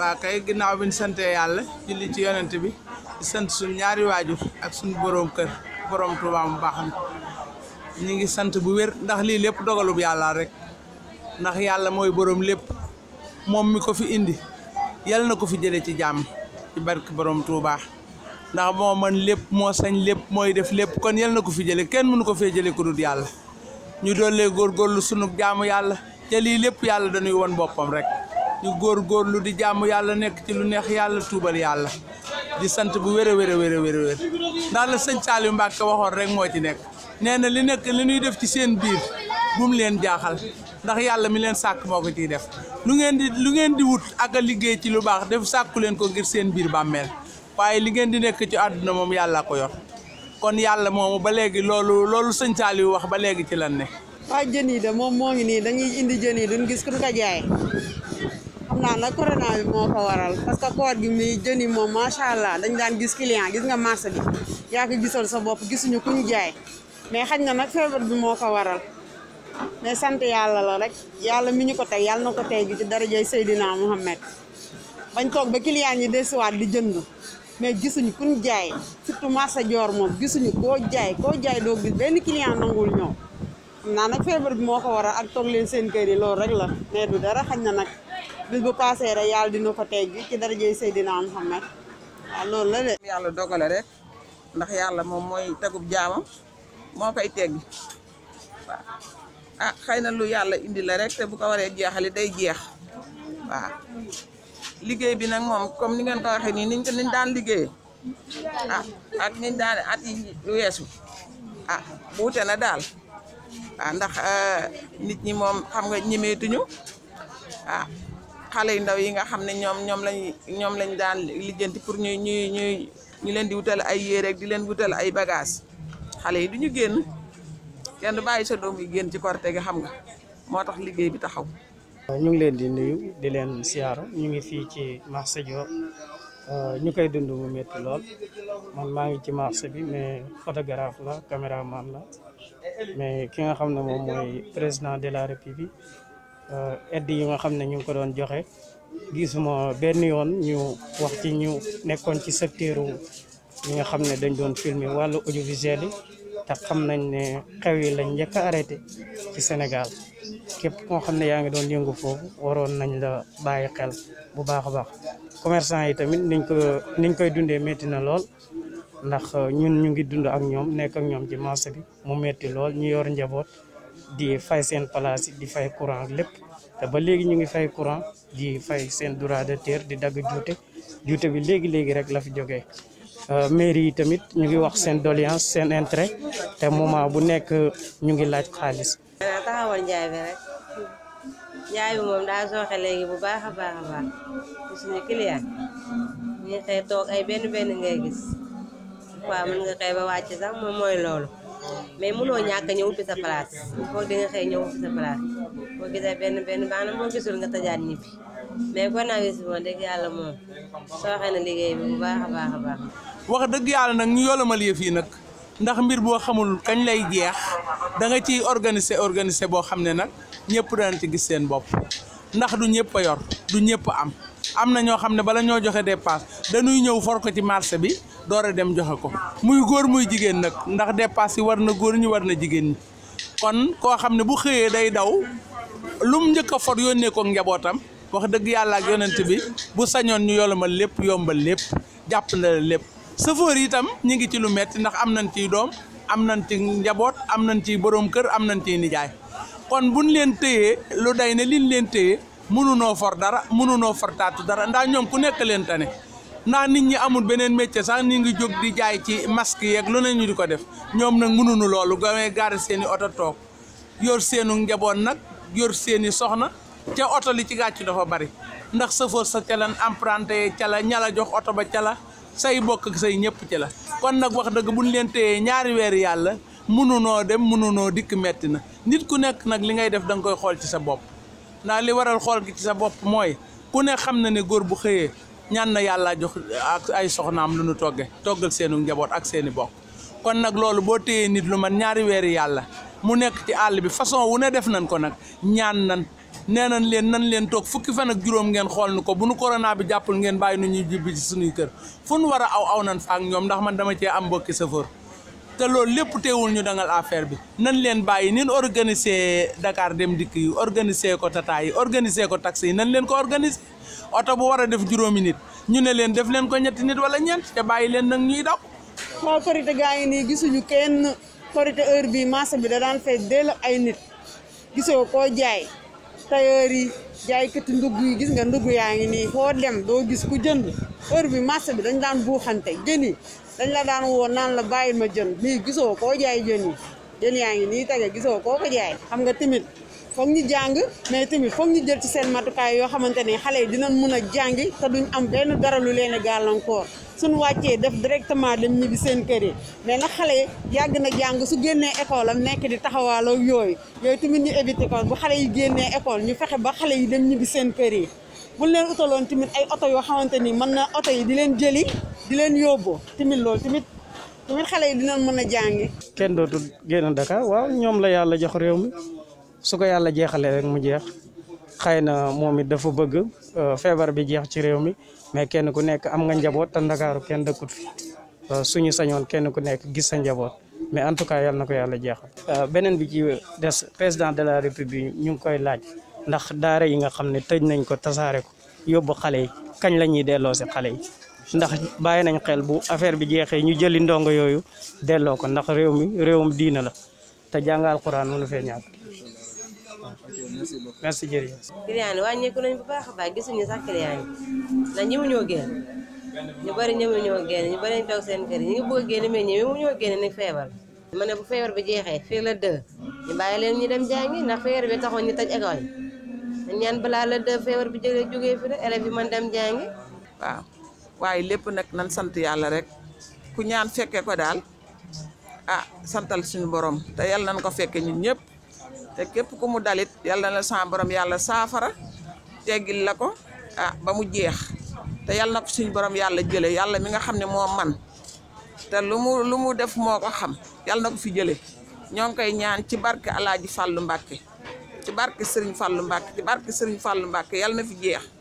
wa kay ginnaaw bi santé sante julli ci yonent bi sant suñ ñaari waju ak suñ borom kër borom tuba mu baxam ñi ngi sant bu wër ndax li lepp dogalub yalla rek ndax yalla moy borom lepp mom mi ko fi indi yalla nako fi jëlé ci jamm ci bark borom tuba ndax mo man lepp mo sañ lepp moy def lepp kon yalla nako fi jëlé kenn mënu ko fi jëlé ku dut yalla ñu gor lu suñu jamm yalla te li lepp yalla dañuy won bopam rek ñu góor góorlu di jàmm yàlla nekk ci lu neex yàlla tuubal yàlla di sant bu wér a wér a wér a wér a wér ndax la sëñ Saliou waxoon rek moo ci nekk nee na li nekk li ñuy def ci seen biir bum leen jaaxal ndax yàlla mi leen sàkk moo ko ciy def lu ngeen di lu ngeen di wut ak a liggéey ci lu baax def sàkku leen ko ngir seen biir bàmmeel waaye li ngeen di nekk ci àdduna moom yàlla ko yor kon yàlla moomu ba léegi loolu loolu sëñ Saliou wax ba léegi ci lan ne. waa jën yi moom moo ngi nii dañuy indi jën yi gis ku naa nag corona bi moo waral parce que koor gi muy jëni moom macha allah dañ daan gis client gis nga marché bi yaa ko gisoon sa bopp gisuñu kuñ jaay mais xañ na nag feebar bi moo ko waral mais sant yàlla la rek yàlla mi ko teg yàlla na ko gi ci darajay Seydina Mouhamed bañ toog ba client yi desiwaat di jënd mais gisuñu kuñ jaay surtout marché Dior moom gisuñu koo jaay koo jaay doo gis benn client nangul ñëw xam naa nag feebar bi moo ko waral ak toog leen seen kër yi loolu rek la mais du dara xañ na bis bu paasee rek yàlla dina ko teggi ci darajey Seydina Muhammad waaw loolu la de. yàlla dogale rek ndax yàlla moom mooy tegub jaamam moo koy teggi waaw ah xëy na lu yàlla indi la rek te bu ko waree jeexali day jeex waaw liggéey bi nag moom comme ni ngeen ko waxee nii niñ ko daan liggéey ah at yi weesu ah wuute na daal ah, ndax ah, nit ñi moom xam nga ñemeetuñu ah. xale yu ndaw yi nga xam ne ñoom ñoom lañ ñoom lañ daan lijjanti pour ñuy ñuy ñuy ñu leen di wutal ay yére di leen wutal ay bagage xale yi du ñu génn kenn du bàyyi sa doom yi génn ci korte gi xam nga moo tax liggéey bi taxaw. ñu ngi leen di nuyu di leen siyaaru ñu ngi fii ci marché Dior euh, ñu koy dund mu métti lool man maa ngi ci marché bi mais photographe la caméraman la mais ki nga xam ne moom mooy président de la bi Euh, aide yi nga xam ne ñu ngi ko doon joxe gisuma benn yoon ñu wax ci ñu nekkoon ci secteur yi nga xam ne dañ doon filmer wàllu audiovisuel yi te xam nañ ne xew yi lañ njëkk a arrêté ci Sénégal képp koo xam ne yaa ngi doon yëngu foofu waroon nañ la bàyyi xel bu baax a baax commerçant yi tamit niñ ko niñ koy dundee métti na lool ndax euh, ñun ñu ngi dund ak ñoom nekk ak ñoom ci marché bi mu métti lool ñu yor njaboot di fay seen place di fay courant lépp te ba léegi ñu ngi fay courant ji fay seen droit de terre di dagg juute juute bi léegi léegi rek la fi jógee euh, mairie yi tamit ñu ngi wax seen doliance seen intérêt te moment bu nekk ñu ngi laaj xaalis. Euh, taxawal njaay bi rek njaay bi moom daa sooxe léegi bu baax a baax a baax suñu client ay benn benn ngay gis waaw mën nga xëy wàcc sax moom mooy loolu. mais mëno ñak ñëw fi sa place ko di nga xëy ñëw fi sa place boo gisee ben ben baax na boo gisul nga ñi fi mais coronavirus bi moom dëgg yàlla moom sooxe na liggéey bu baax a baax baax. wax dëgg yalla nak ñu yolomal yëf yi nak ndax mbir bo xamul kañ lay jeex da nga ci organiser organiser bo xamné nak ñëpp ci gis seen bop ndax du ñëpp yor du ñëpp am amna ño ñoo bala ño joxe dépense dañuy ñëw for ko ci marché bi. door dem joxe ko muy góor muy jigéen nag ndax dépasse yi war na góor ñi war na jigéen ñi kon koo xam ne bu xëyee day daw lum njëkk a for yónnee ko njabootam wax dëgg yàlla ak yonent bi bu sañoon ñu yolomal lépp yombal lépp jàpp na la lépp sëfoor itam ñu ngi ci lu metti ndax am nañ ciy doom am nañ ci njaboot am nañ ciy boroom kër am nañ ciy nijaay kon buñ leen téyee lu day ne liñ leen téyee mënunoo for dara mënunoo for taatu dara ndax ñoom ku nekk leen tane ndax nit ñi amul beneen métier sax ni ngi jóg di jaay ci masque yeeg lu ne ñu di ko def ñoom nag mënunu loolu gamee gaari seen i oto toog yor seenu njaboot nag yor seen i soxna ca oto li ci gàcc dafa bari ndax sëfoor sa calan lan emprunté ca la ñala jox oto ba ca la say bokk ak say ñëpp ci la kon nag wax dëgg buñ leen téyee ñaari weer yàlla mënunoo dem mënunoo dikk metti na nit ku nekk nag li ngay def da nga koy xool ci sa bopp ndax li waral xool ci sa bopp mooy ku ne xam na ne góor bu xëyee ñaan na yàlla jox ak ay soxnaam lu nu togge toggal seenu njaboot ak seeni bokk kon nag loolu boo téyee nit lu man ñaari weeri yàlla mu nekk ci àll bi façon wu ne def nañ ko nag ñaan nan nee nañ leen nan leen toog fukki fan ak juróom ngeen xool nu ko bu nu corona bi jàppul ngeen bàyyi nu ñuy jibbi ci suñuy kër fu nu war a aw aw nan fa ak ñoom ndax man dama cee am mbokki chauffeur te loolu lépp teewul ñu dangal affaire bi nan leen bàyyi nin organiser dakaar dem dikk yi organiser ko tata yi organiser ko taxi yi nan leen ko organiser oto boo war a def juróomi nit ñu ne leen def leen ko ñetti nit wala ñeent te bàyyi leen nag ñuy daw. moo korite gaa yi nii gisuñu kenn korite heure bii marché bi da daan fees ay nit gisoo koo jaay tailleur yi jaaykati ndugg yi gis nga ndugg yaa ngi nii foo dem doo gis ku jënd heure bi marché bi dañ daan buuxante jën yi dañ la daan woo naan la bàyyil ma jën nii gisoo koo jaay jën yi jën yaa ngi nii tege gisoo koo ko jaay xam nga timit foog ñu jàng mais tamit foog ñu jël ci seen matukaay yoo xamante ne xale yi dinañ mun a jàngi te duñ am benn dara lu leen a gàllankoor suñu wàccee def directement dem ñibbi seen kër yi mais nag xale yi yàgg na jàng su génnee ecole am nekk di taxawaaloo yooyu yooyu tamit ñu éviter ko bu xale yi génnee école ñu fexe ba xale yi dem ñibbi seen kër yi bu leen utaloon tamit ay oto yoo xamante ni mën na oto yi di leen jëli di leen yóbbu tamit loolu tamit tamit xale yi dinañ mën a jàngi. kenn dootul génn Dakar waaw ñoom la yàlla jox réew mi. su ko yàlla jeexalee rek mu jeex xëy na moom it dafa bëgg euh, feebar bi jeex ci réew mi mais kenn ku nekk am nga njaboot te ndakaaru kenn dëkkut fi euh, suñu sañoon kenn ku nekk gis sa njaboot mais en tout cas yal na ko yàlla jeexal. Euh, beneen bi ci des président de la république ñu ngi koy laaj ndax daara yi nga xam ne tëj nañ ko tasaare ko yóbbu xale yi kañ la ñuy delloo si xale yi ndax bàyyi nañ xel bu affaire bi jeexee ñu jëli ndongo yooyu delloo ko ndax réew mi réewum diina la te jàngal Alxuraan mënu fee ñàkk. merci jërëjëf. client yi wàññeeku nañu bu baax a baax gisuñu sax client yi ndax ñëwuñoo génn ñu bari ñëwuñoo génn ñu bari ñu toog seen kër yi ñu ngi bëgg a génn mais ñëwuñoo génn ni feebar. ma bu feebar bi jeexee fii la deux ñu leen ñi dem jàngi na feebar bi taxoon ñi taj école ñaan balaa la deux feebar bi jógee jógee fi la élèves yi dem jàngi. waaw waaye lépp nag nan sant yàlla rek ku ñaan fekkee ko daal ah santal suñu borom te yàlla nan ko fekkee ñun ñëpp. te képp ku mu dalit yàlla na sa yàlla saafara teggil la ko ah ba mu jeex te yàlla na ko suñ borom yàlla jële yàlla mi nga xam ne moo man te lu mu lu mu def moo ko xam yàlla na ko fi jële ñoo ngi koy ñaan ci barke Alaaji Fàllu Mbàkke ci barke Sëriñ Fàllu Mbàkke ci barke Sëriñ Fàllu Mbàkke yàlla na fi jeex